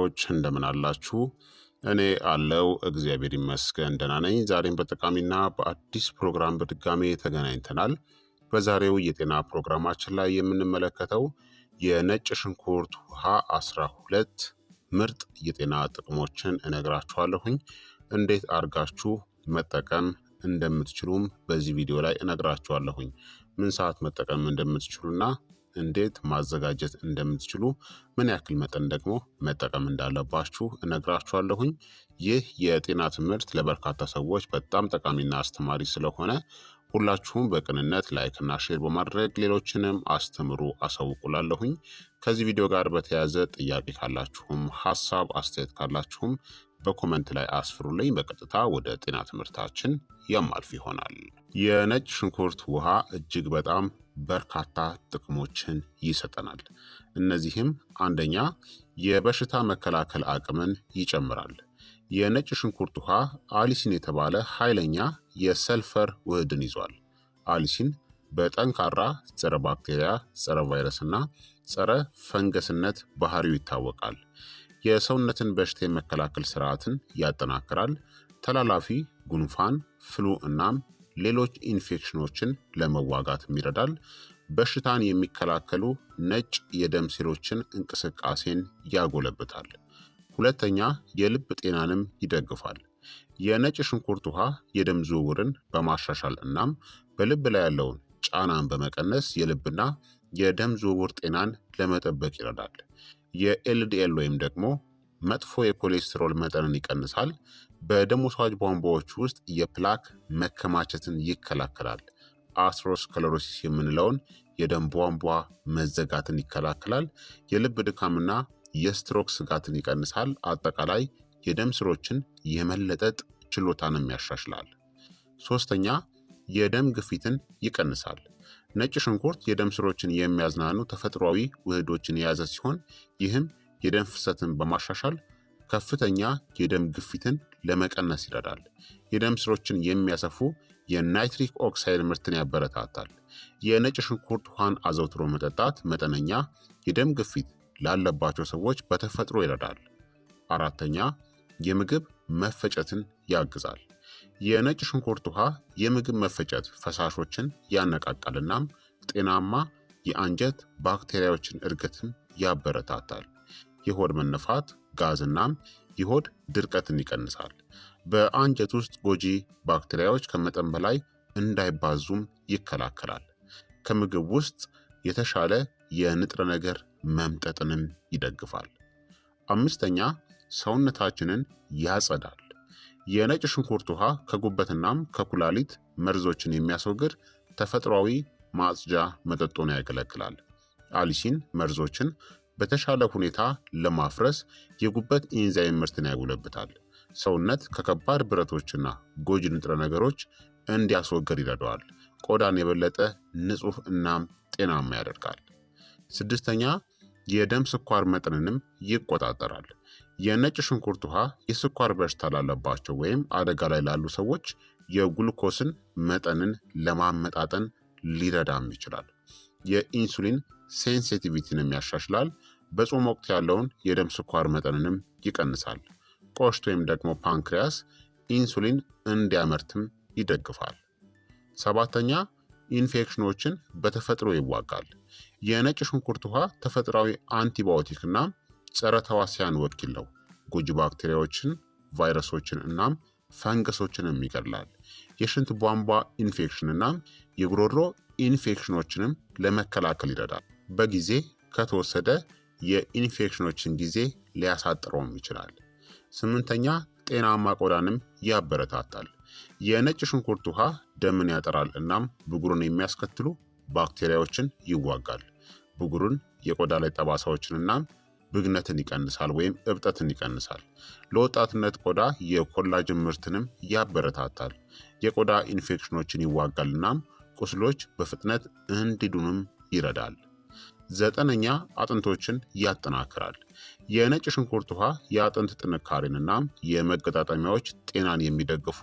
ተከታታዮች እንደምን አላችሁ? እኔ አለው እግዚአብሔር ይመስገን ደህና ነኝ። ዛሬም በጠቃሚና በአዲስ ፕሮግራም በድጋሜ ተገናኝተናል። በዛሬው የጤና ፕሮግራማችን ላይ የምንመለከተው የነጭ ሽንኩርት ውሃ አስራ ሁለት ምርጥ የጤና ጥቅሞችን እነግራችኋለሁኝ። እንዴት አድርጋችሁ መጠቀም እንደምትችሉም በዚህ ቪዲዮ ላይ እነግራችኋለሁኝ። ምን ሰዓት መጠቀም እንደምትችሉና እንዴት ማዘጋጀት እንደምትችሉ፣ ምን ያክል መጠን ደግሞ መጠቀም እንዳለባችሁ እነግራችኋለሁኝ። ይህ የጤና ትምህርት ለበርካታ ሰዎች በጣም ጠቃሚና አስተማሪ ስለሆነ ሁላችሁም በቅንነት ላይክና ሼር በማድረግ ሌሎችንም አስተምሩ አሳውቁላለሁኝ። ከዚህ ቪዲዮ ጋር በተያያዘ ጥያቄ ካላችሁም ሀሳብ አስተያየት ካላችሁም በኮመንት ላይ አስፍሩልኝ። በቀጥታ ወደ ጤና ትምህርታችን የማልፍ ይሆናል። የነጭ ሽንኩርት ውሃ እጅግ በጣም በርካታ ጥቅሞችን ይሰጠናል። እነዚህም አንደኛ የበሽታ መከላከል አቅምን ይጨምራል። የነጭ ሽንኩርት ውሃ አሊሲን የተባለ ኃይለኛ የሰልፈር ውህድን ይዟል። አሊሲን በጠንካራ ጸረ ባክቴሪያ፣ ጸረ ቫይረስና ጸረ ፈንገስነት ባህሪው ይታወቃል። የሰውነትን በሽታ የመከላከል ስርዓትን ያጠናክራል። ተላላፊ ጉንፋን፣ ፍሉ እናም ሌሎች ኢንፌክሽኖችን ለመዋጋትም ይረዳል። በሽታን የሚከላከሉ ነጭ የደም ሴሎችን እንቅስቃሴን ያጎለብታል። ሁለተኛ የልብ ጤናንም ይደግፋል። የነጭ ሽንኩርት ውሃ የደም ዝውውርን በማሻሻል እናም በልብ ላይ ያለውን ጫናን በመቀነስ የልብና የደም ዝውውር ጤናን ለመጠበቅ ይረዳል። የኤልዲኤል ወይም ደግሞ መጥፎ የኮሌስትሮል መጠንን ይቀንሳል። በደም ወሳጅ ቧንቧዎች ውስጥ የፕላክ መከማቸትን ይከላከላል። አትሮስክለሮሲስ የምንለውን የደም ቧንቧ መዘጋትን ይከላከላል። የልብ ድካምና የስትሮክ ስጋትን ይቀንሳል። አጠቃላይ የደም ስሮችን የመለጠጥ ችሎታንም ያሻሽላል። ሶስተኛ የደም ግፊትን ይቀንሳል። ነጭ ሽንኩርት የደም ስሮችን የሚያዝናኑ ተፈጥሯዊ ውህዶችን የያዘ ሲሆን ይህም የደም ፍሰትን በማሻሻል ከፍተኛ የደም ግፊትን ለመቀነስ ይረዳል። የደም ስሮችን የሚያሰፉ የናይትሪክ ኦክሳይድ ምርትን ያበረታታል። የነጭ ሽንኩርት ውሃን አዘውትሮ መጠጣት መጠነኛ የደም ግፊት ላለባቸው ሰዎች በተፈጥሮ ይረዳል። አራተኛ የምግብ መፈጨትን ያግዛል። የነጭ ሽንኩርት ውሃ የምግብ መፈጨት ፈሳሾችን ያነቃቃል እናም ጤናማ የአንጀት ባክቴሪያዎችን እድገትም ያበረታታል። የሆድ መነፋት ጋዝናም የሆድ ድርቀትን ይቀንሳል። በአንጀት ውስጥ ጎጂ ባክቴሪያዎች ከመጠን በላይ እንዳይባዙም ይከላከላል። ከምግብ ውስጥ የተሻለ የንጥረ ነገር መምጠጥንም ይደግፋል። አምስተኛ ሰውነታችንን ያጸዳል። የነጭ ሽንኩርት ውሃ ከጉበትናም ከኩላሊት መርዞችን የሚያስወግድ ተፈጥሯዊ ማጽጃ መጠጦን ያገለግላል። አሊሲን መርዞችን በተሻለ ሁኔታ ለማፍረስ የጉበት ኢንዛይም ምርትን ያጎለብታል። ሰውነት ከከባድ ብረቶችና ጎጂ ንጥረ ነገሮች እንዲያስወገድ ይረዳዋል። ቆዳን የበለጠ ንጹህ እናም ጤናማ ያደርጋል። ስድስተኛ የደም ስኳር መጠንንም ይቆጣጠራል። የነጭ ሽንኩርት ውሃ የስኳር በሽታ ላለባቸው ወይም አደጋ ላይ ላሉ ሰዎች የጉልኮስን መጠንን ለማመጣጠን ሊረዳም ይችላል። የኢንሱሊን ሴንሲቲቪቲንም ያሻሽላል። በጾም ወቅት ያለውን የደም ስኳር መጠንንም ይቀንሳል። ቆሽት ወይም ደግሞ ፓንክሪያስ ኢንሱሊን እንዲያመርትም ይደግፋል። ሰባተኛ ኢንፌክሽኖችን በተፈጥሮ ይዋጋል። የነጭ ሽንኩርት ውሃ ተፈጥሯዊ አንቲባዮቲክ እናም ጸረ ተዋሲያን ወኪል ነው። ጎጂ ባክቴሪያዎችን፣ ቫይረሶችን እናም ፈንገሶችንም ይገድላል። የሽንት ቧንቧ ኢንፌክሽን እናም የጉሮሮ ኢንፌክሽኖችንም ለመከላከል ይረዳል። በጊዜ ከተወሰደ የኢንፌክሽኖችን ጊዜ ሊያሳጥረውም ይችላል። ስምንተኛ ጤናማ ቆዳንም ያበረታታል። የነጭ ሽንኩርት ውሃ ደምን ያጠራል እናም ብጉርን የሚያስከትሉ ባክቴሪያዎችን ይዋጋል። ብጉርን፣ የቆዳ ላይ ጠባሳዎችን እናም ብግነትን ይቀንሳል ወይም እብጠትን ይቀንሳል። ለወጣትነት ቆዳ የኮላጅን ምርትንም ያበረታታል። የቆዳ ኢንፌክሽኖችን ይዋጋል እናም ቁስሎች በፍጥነት እንዲዱንም ይረዳል። ዘጠነኛ አጥንቶችን ያጠናክራል። የነጭ ሽንኩርት ውሃ የአጥንት ጥንካሬንና የመገጣጠሚያዎች ጤናን የሚደግፉ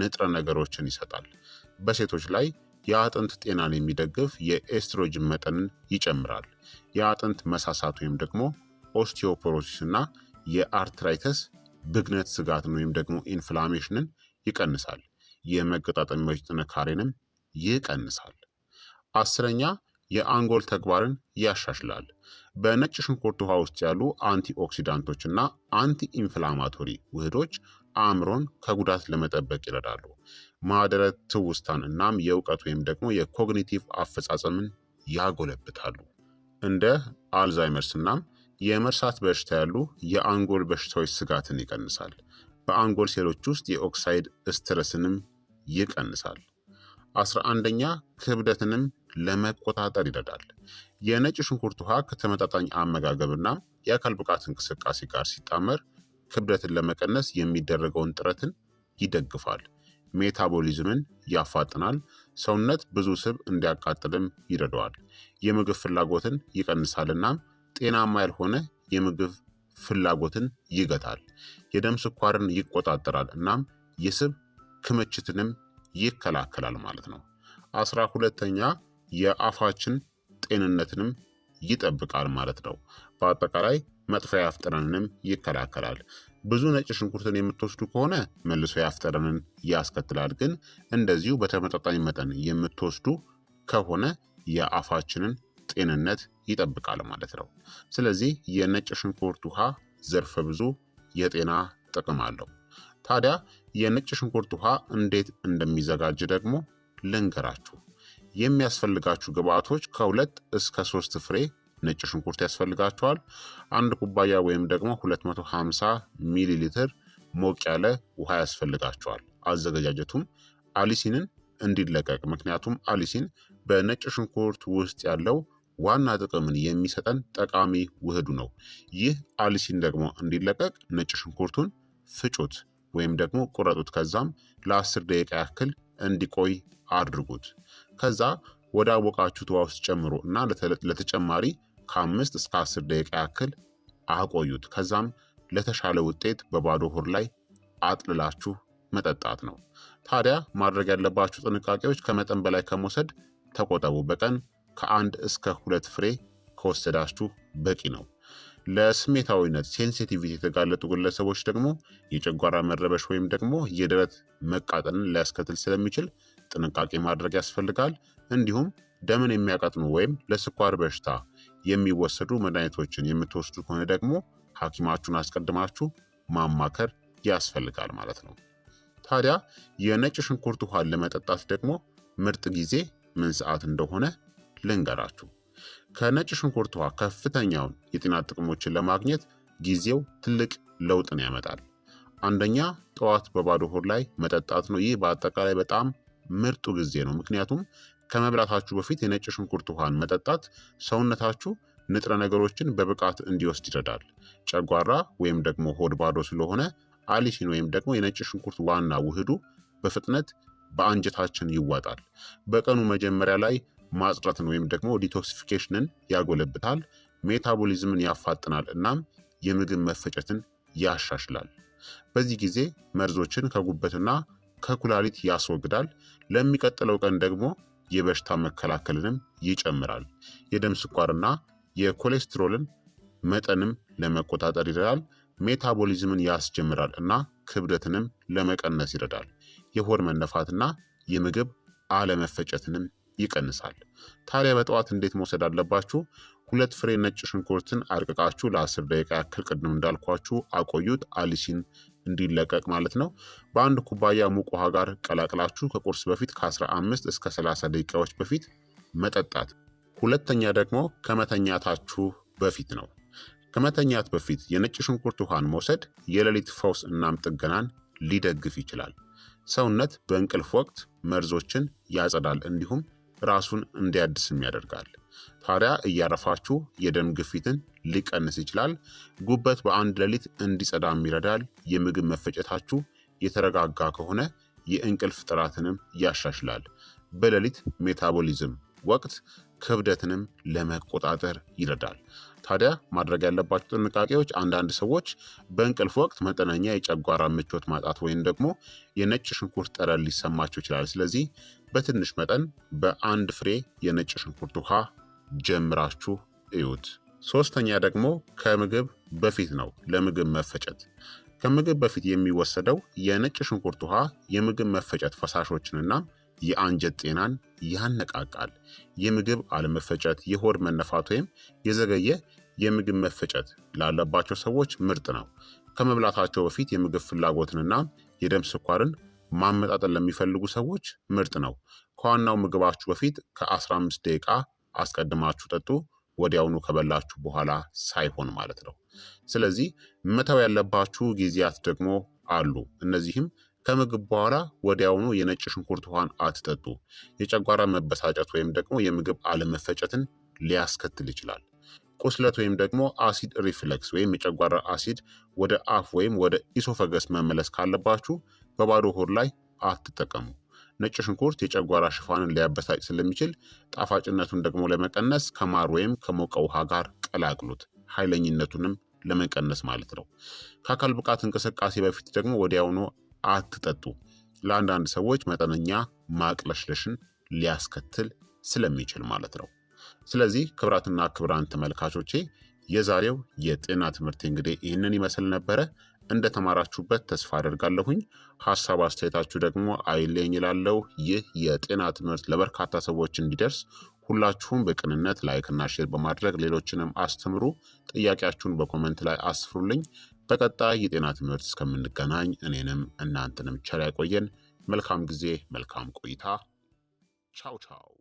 ንጥረ ነገሮችን ይሰጣል። በሴቶች ላይ የአጥንት ጤናን የሚደግፍ የኤስትሮጅን መጠንን ይጨምራል። የአጥንት መሳሳት ወይም ደግሞ ኦስቲዮፖሮሲስ የአርትራይተስ ብግነት ስጋትን ወይም ደግሞ ኢንፍላሜሽንን ይቀንሳል። የመገጣጠሚያዎች ጥንካሬንም ይቀንሳል። አስረኛ የአንጎል ተግባርን ያሻሽላል። በነጭ ሽንኩርት ውሃ ውስጥ ያሉ አንቲ ኦክሲዳንቶችና አንቲ ኢንፍላማቶሪ ውህዶች አእምሮን ከጉዳት ለመጠበቅ ይረዳሉ። ማህደረ ትውስታን እናም የእውቀት ወይም ደግሞ የኮግኒቲቭ አፈጻጸምን ያጎለብታሉ። እንደ አልዛይመርስ እናም የመርሳት በሽታ ያሉ የአንጎል በሽታዎች ስጋትን ይቀንሳል። በአንጎል ሴሎች ውስጥ የኦክሳይድ ስትረስንም ይቀንሳል። አስራ አንደኛ ክብደትንም ለመቆጣጠር ይረዳል። የነጭ ሽንኩርት ውሃ ከተመጣጣኝ አመጋገብና የአካል ብቃት እንቅስቃሴ ጋር ሲጣመር ክብደትን ለመቀነስ የሚደረገውን ጥረትን ይደግፋል። ሜታቦሊዝምን ያፋጥናል። ሰውነት ብዙ ስብ እንዲያቃጥልም ይረዳዋል። የምግብ ፍላጎትን ይቀንሳልና ጤናማ ያልሆነ የምግብ ፍላጎትን ይገታል። የደም ስኳርን ይቆጣጠራል እናም የስብ ክምችትንም ይከላከላል ማለት ነው። አስራ ሁለተኛ የአፋችን ጤንነትንም ይጠብቃል ማለት ነው። በአጠቃላይ መጥፎ የአፍ ጠረንንም ይከላከላል። ብዙ ነጭ ሽንኩርትን የምትወስዱ ከሆነ መልሶ የአፍ ጠረንን ያስከትላል። ግን እንደዚሁ በተመጣጣኝ መጠን የምትወስዱ ከሆነ የአፋችንን ጤንነት ይጠብቃል ማለት ነው። ስለዚህ የነጭ ሽንኩርት ውሃ ዘርፈ ብዙ የጤና ጥቅም አለው። ታዲያ የነጭ ሽንኩርት ውሃ እንዴት እንደሚዘጋጅ ደግሞ ልንገራችሁ። የሚያስፈልጋችሁ ግብአቶች ከሁለት እስከ ሶስት ፍሬ ነጭ ሽንኩርት ያስፈልጋችኋል። አንድ ኩባያ ወይም ደግሞ 250 ሚሊ ሊትር ሞቅ ያለ ውሃ ያስፈልጋችኋል። አዘገጃጀቱም አሊሲንን እንዲለቀቅ ምክንያቱም አሊሲን በነጭ ሽንኩርት ውስጥ ያለው ዋና ጥቅምን የሚሰጠን ጠቃሚ ውህዱ ነው። ይህ አሊሲን ደግሞ እንዲለቀቅ ነጭ ሽንኩርቱን ፍጩት ወይም ደግሞ ቁረጡት። ከዛም ለአስር ደቂቃ ያክል እንዲቆይ አድርጉት። ከዛ ወደ አወቃችሁት ውሃ ውስጥ ጨምሮ እና ለተጨማሪ ከአምስት እስከ አስር ደቂቃ ያክል አቆዩት። ከዛም ለተሻለ ውጤት በባዶ ሆድ ላይ አጥልላችሁ መጠጣት ነው። ታዲያ ማድረግ ያለባችሁ ጥንቃቄዎች ከመጠን በላይ ከመውሰድ ተቆጠቡ። በቀን ከአንድ እስከ ሁለት ፍሬ ከወሰዳችሁ በቂ ነው። ለስሜታዊነት ሴንሲቲቪቲ የተጋለጡ ግለሰቦች ደግሞ የጨጓራ መረበሽ ወይም ደግሞ የደረት መቃጠልን ሊያስከትል ስለሚችል ጥንቃቄ ማድረግ ያስፈልጋል። እንዲሁም ደምን የሚያቀጥኑ ወይም ለስኳር በሽታ የሚወሰዱ መድኃኒቶችን የምትወስዱ ከሆነ ደግሞ ሐኪማችሁን አስቀድማችሁ ማማከር ያስፈልጋል ማለት ነው። ታዲያ የነጭ ሽንኩርት ውሃን ለመጠጣት ደግሞ ምርጥ ጊዜ ምን ሰዓት እንደሆነ ልንገራችሁ። ከነጭ ሽንኩርት ውሃ ከፍተኛውን የጤና ጥቅሞችን ለማግኘት ጊዜው ትልቅ ለውጥን ያመጣል። አንደኛ ጠዋት በባዶ ሆድ ላይ መጠጣት ነው። ይህ በአጠቃላይ በጣም ምርጡ ጊዜ ነው። ምክንያቱም ከመብላታችሁ በፊት የነጭ ሽንኩርት ውሃን መጠጣት ሰውነታችሁ ንጥረ ነገሮችን በብቃት እንዲወስድ ይረዳል። ጨጓራ ወይም ደግሞ ሆድ ባዶ ስለሆነ አሊሲን ወይም ደግሞ የነጭ ሽንኩርት ዋና ውህዱ በፍጥነት በአንጀታችን ይዋጣል። በቀኑ መጀመሪያ ላይ ማጽዳትን ወይም ደግሞ ዲቶክሲፊኬሽንን ያጎለብታል፣ ሜታቦሊዝምን ያፋጥናል፣ እናም የምግብ መፈጨትን ያሻሽላል። በዚህ ጊዜ መርዞችን ከጉበትና ከኩላሊት ያስወግዳል። ለሚቀጥለው ቀን ደግሞ የበሽታ መከላከልንም ይጨምራል። የደም ስኳርና የኮሌስትሮልን መጠንም ለመቆጣጠር ይረዳል። ሜታቦሊዝምን ያስጀምራል እና ክብደትንም ለመቀነስ ይረዳል። የሆድ መነፋትና የምግብ አለመፈጨትንም ይቀንሳል። ታዲያ በጠዋት እንዴት መውሰድ አለባችሁ? ሁለት ፍሬ ነጭ ሽንኩርትን አድቅቃችሁ ለ10 ደቂቃ ያክል ቅድም እንዳልኳችሁ አቆዩት። አሊሲን እንዲለቀቅ ማለት ነው። በአንድ ኩባያ ሙቅ ውሃ ጋር ቀላቅላችሁ ከቁርስ በፊት ከ15 እስከ 30 ደቂቃዎች በፊት መጠጣት። ሁለተኛ ደግሞ ከመተኛታችሁ በፊት ነው። ከመተኛት በፊት የነጭ ሽንኩርት ውሃን መውሰድ የሌሊት ፈውስ እናም ጥገናን ሊደግፍ ይችላል። ሰውነት በእንቅልፍ ወቅት መርዞችን ያጸዳል፣ እንዲሁም ራሱን እንዲያድስም ያደርጋል። ታዲያ እያረፋችሁ የደም ግፊትን ሊቀንስ ይችላል። ጉበት በአንድ ሌሊት እንዲጸዳም ይረዳል። የምግብ መፈጨታችሁ የተረጋጋ ከሆነ የእንቅልፍ ጥራትንም ያሻሽላል። በሌሊት ሜታቦሊዝም ወቅት ክብደትንም ለመቆጣጠር ይረዳል። ታዲያ ማድረግ ያለባቸው ጥንቃቄዎች፣ አንዳንድ ሰዎች በእንቅልፍ ወቅት መጠነኛ የጨጓራ ምቾት ማጣት ወይም ደግሞ የነጭ ሽንኩርት ጠረን ሊሰማቸው ይችላል። ስለዚህ በትንሽ መጠን በአንድ ፍሬ የነጭ ሽንኩርት ውሃ ጀምራችሁ እዩት። ሶስተኛ ደግሞ ከምግብ በፊት ነው። ለምግብ መፈጨት ከምግብ በፊት የሚወሰደው የነጭ ሽንኩርት ውሃ የምግብ መፈጨት ፈሳሾችንና የአንጀት ጤናን ያነቃቃል። የምግብ አለመፈጨት፣ የሆድ መነፋት ወይም የዘገየ የምግብ መፈጨት ላለባቸው ሰዎች ምርጥ ነው። ከመብላታቸው በፊት የምግብ ፍላጎትንና የደም ስኳርን ማመጣጠን ለሚፈልጉ ሰዎች ምርጥ ነው። ከዋናው ምግባችሁ በፊት ከ15 ደቂቃ አስቀድማችሁ ጠጡ። ወዲያውኑ ከበላችሁ በኋላ ሳይሆን ማለት ነው። ስለዚህ መተው ያለባችሁ ጊዜያት ደግሞ አሉ። እነዚህም ከምግብ በኋላ ወዲያውኑ የነጭ ሽንኩርት ውሃን አትጠጡ። የጨጓራ መበሳጨት ወይም ደግሞ የምግብ አለመፈጨትን ሊያስከትል ይችላል። ቁስለት ወይም ደግሞ አሲድ ሪፍለክስ ወይም የጨጓራ አሲድ ወደ አፍ ወይም ወደ ኢሶፈገስ መመለስ ካለባችሁ በባዶ ሆድ ላይ አትጠቀሙ። ነጭ ሽንኩርት የጨጓራ ሽፋንን ሊያበሳጭ ስለሚችል ጣፋጭነቱን ደግሞ ለመቀነስ ከማር ወይም ከሞቀ ውሃ ጋር ቀላቅሉት። ኃይለኝነቱንም ለመቀነስ ማለት ነው። ከአካል ብቃት እንቅስቃሴ በፊት ደግሞ ወዲያውኑ አትጠጡ። ለአንዳንድ ሰዎች መጠነኛ ማቅለሽለሽን ሊያስከትል ስለሚችል ማለት ነው። ስለዚህ ክብራትና ክብራን ተመልካቾቼ የዛሬው የጤና ትምህርት እንግዲህ ይህንን ይመስል ነበረ። እንደተማራችሁበት ተስፋ አደርጋለሁኝ። ሀሳብ አስተያየታችሁ ደግሞ አይለኝ ይላለው። ይህ የጤና ትምህርት ለበርካታ ሰዎች እንዲደርስ ሁላችሁም በቅንነት ላይክና ሼር በማድረግ ሌሎችንም አስተምሩ። ጥያቄያችሁን በኮመንት ላይ አስፍሩልኝ። በቀጣይ የጤና ትምህርት እስከምንገናኝ እኔንም እናንተንም ቸር ያቆየን። መልካም ጊዜ፣ መልካም ቆይታ። ቻው ቻው